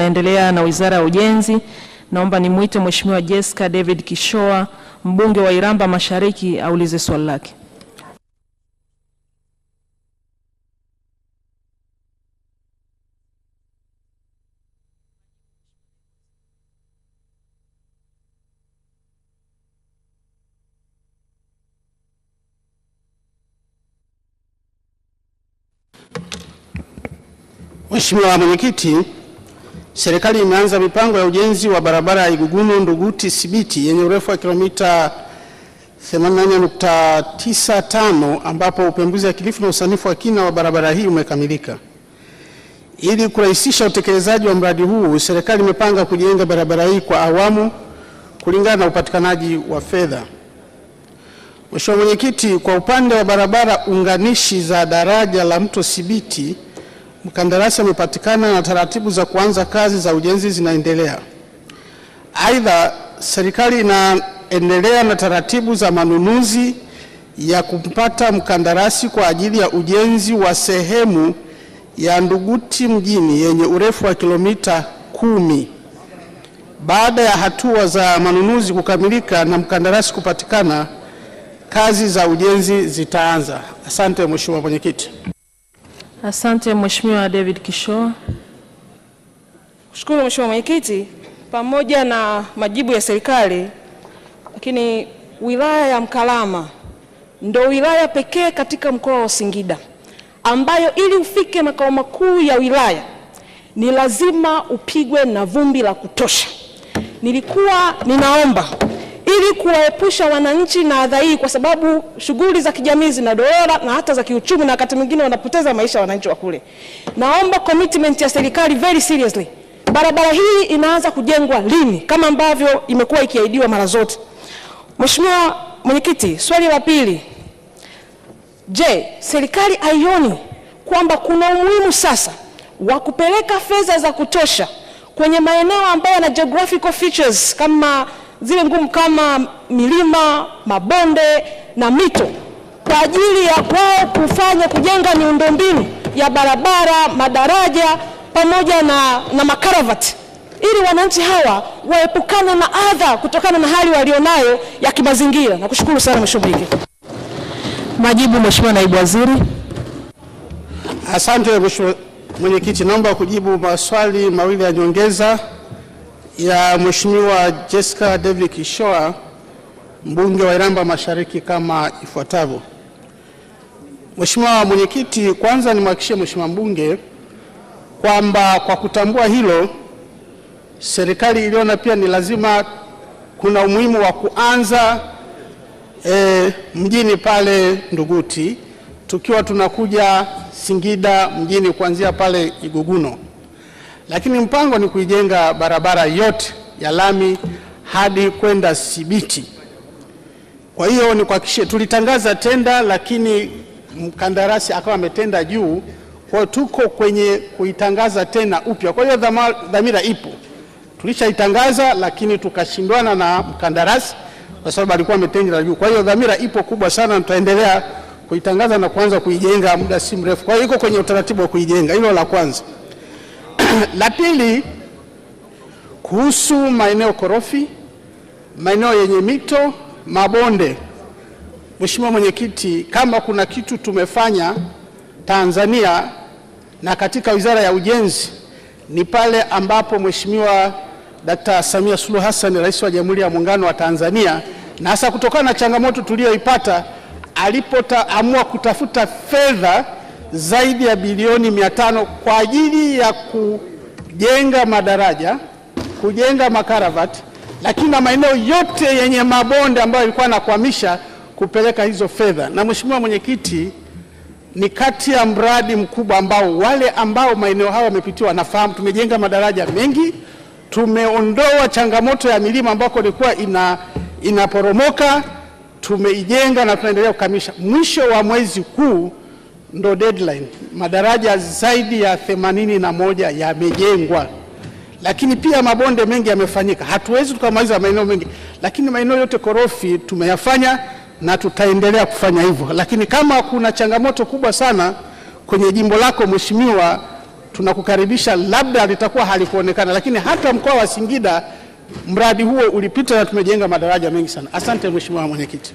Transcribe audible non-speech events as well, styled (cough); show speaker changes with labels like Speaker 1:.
Speaker 1: unaendelea na Wizara ya Ujenzi. Naomba nimwite Mheshimiwa Jessica David Kishoa, mbunge wa Iramba Mashariki, aulize swali lake.
Speaker 2: Mheshimiwa Mwenyekiti, Serikali imeanza mipango ya ujenzi wa barabara ya Iguguno Nduguti Sibiti yenye urefu wa kilomita 88.95 ambapo upembuzi yakinifu na usanifu wa kina wa barabara hii umekamilika. Ili kurahisisha utekelezaji wa mradi huu, serikali imepanga kujenga barabara hii kwa awamu kulingana na upatikanaji wa fedha. Mheshimiwa Mwenyekiti, kwa upande wa barabara unganishi za daraja la Mto Sibiti mkandarasi amepatikana na taratibu za kuanza kazi za ujenzi zinaendelea. Aidha, serikali inaendelea na taratibu za manunuzi ya kumpata mkandarasi kwa ajili ya ujenzi wa sehemu ya Nduguti mjini yenye urefu wa kilomita kumi. Baada ya hatua za manunuzi kukamilika na mkandarasi kupatikana, kazi za ujenzi zitaanza. Asante Mheshimiwa Mwenyekiti.
Speaker 1: Asante Mheshimiwa David Kishoa.
Speaker 3: Kushukuru Mheshimiwa Mwenyekiti, pamoja na majibu ya serikali, lakini wilaya ya Mkalama ndo wilaya pekee katika mkoa wa Singida ambayo ili ufike makao makuu ya wilaya ni lazima upigwe na vumbi la kutosha. Nilikuwa ninaomba ili kuwaepusha wananchi na adha hii, kwa sababu shughuli za kijamii zinadorora na hata za kiuchumi, na wakati mwingine wanapoteza maisha ya wananchi wa kule. Naomba commitment ya serikali very seriously, barabara hii inaanza kujengwa lini kama ambavyo imekuwa ikiahidiwa mara zote? Mheshimiwa Mwenyekiti, swali la pili, je, serikali haioni kwamba kuna umuhimu sasa wa kupeleka fedha za kutosha kwenye maeneo ambayo yana geographical features kama zile ngumu kama milima, mabonde na mito kwa ajili ya kwao kufanya kujenga miundombinu ya barabara, madaraja pamoja na, na makaravati ili wananchi hawa waepukane na adha kutokana na hali walionayo ya kimazingira. Nakushukuru sana Mheshimiwa Mwenyekiti.
Speaker 1: Majibu, Mheshimiwa Naibu Waziri.
Speaker 2: Asante Mheshimiwa Mwenyekiti, naomba kujibu maswali mawili ya nyongeza ya Mheshimiwa Jessica David Kishoa mbunge wa Iramba Mashariki kama ifuatavyo. Mheshimiwa Mwenyekiti, kwanza nimhakikishie Mheshimiwa mbunge kwamba kwa kutambua hilo, serikali iliona pia ni lazima kuna umuhimu wa kuanza e, mjini pale Nduguti, tukiwa tunakuja Singida mjini kuanzia pale Iguguno lakini mpango ni kuijenga barabara yote ya lami hadi kwenda Sibiti. Kwa hiyo ni kuhakikishe, tulitangaza tenda, lakini mkandarasi akawa ametenda juu, kwa tuko kwenye kuitangaza tena upya. Kwa hiyo dhamira ipo, tulishaitangaza lakini tukashindwana na mkandarasi kwa sababu alikuwa ametenda juu. Kwa hiyo dhamira ipo kubwa sana, tutaendelea kuitangaza na kuanza kuijenga muda si mrefu. Kwa hiyo iko kwenye utaratibu wa kuijenga, hilo la kwanza. (coughs) La pili, kuhusu maeneo korofi, maeneo yenye mito, mabonde. Mheshimiwa Mwenyekiti, kama kuna kitu tumefanya Tanzania na katika Wizara ya Ujenzi ni pale ambapo Mheshimiwa Dkt. Samia Suluhu Hassan, Rais wa Jamhuri ya Muungano wa Tanzania, na hasa kutokana na changamoto tuliyoipata alipoamua kutafuta fedha zaidi ya bilioni mia tano kwa ajili ya kujenga madaraja, kujenga makaravati, lakini na maeneo yote yenye mabonde ambayo ilikuwa nakwamisha kupeleka hizo fedha. Na Mheshimiwa Mwenyekiti, ni kati ya mradi mkubwa ambao wale ambao maeneo hayo wamepitiwa wanafahamu. Tumejenga madaraja mengi, tumeondoa changamoto ya milima ambako ilikuwa ina inaporomoka, tumeijenga na tunaendelea kukamilisha. Mwisho wa mwezi huu ndo deadline. Madaraja zaidi ya themanini na moja yamejengwa, lakini pia mabonde mengi yamefanyika. Hatuwezi tukamaliza maeneo mengi, lakini maeneo yote korofi tumeyafanya na tutaendelea kufanya hivyo. Lakini kama kuna changamoto kubwa sana kwenye jimbo lako mheshimiwa, tunakukaribisha. Labda litakuwa halikuonekana, lakini hata mkoa wa Singida mradi huo ulipita na tumejenga madaraja mengi sana. Asante mheshimiwa mwenyekiti.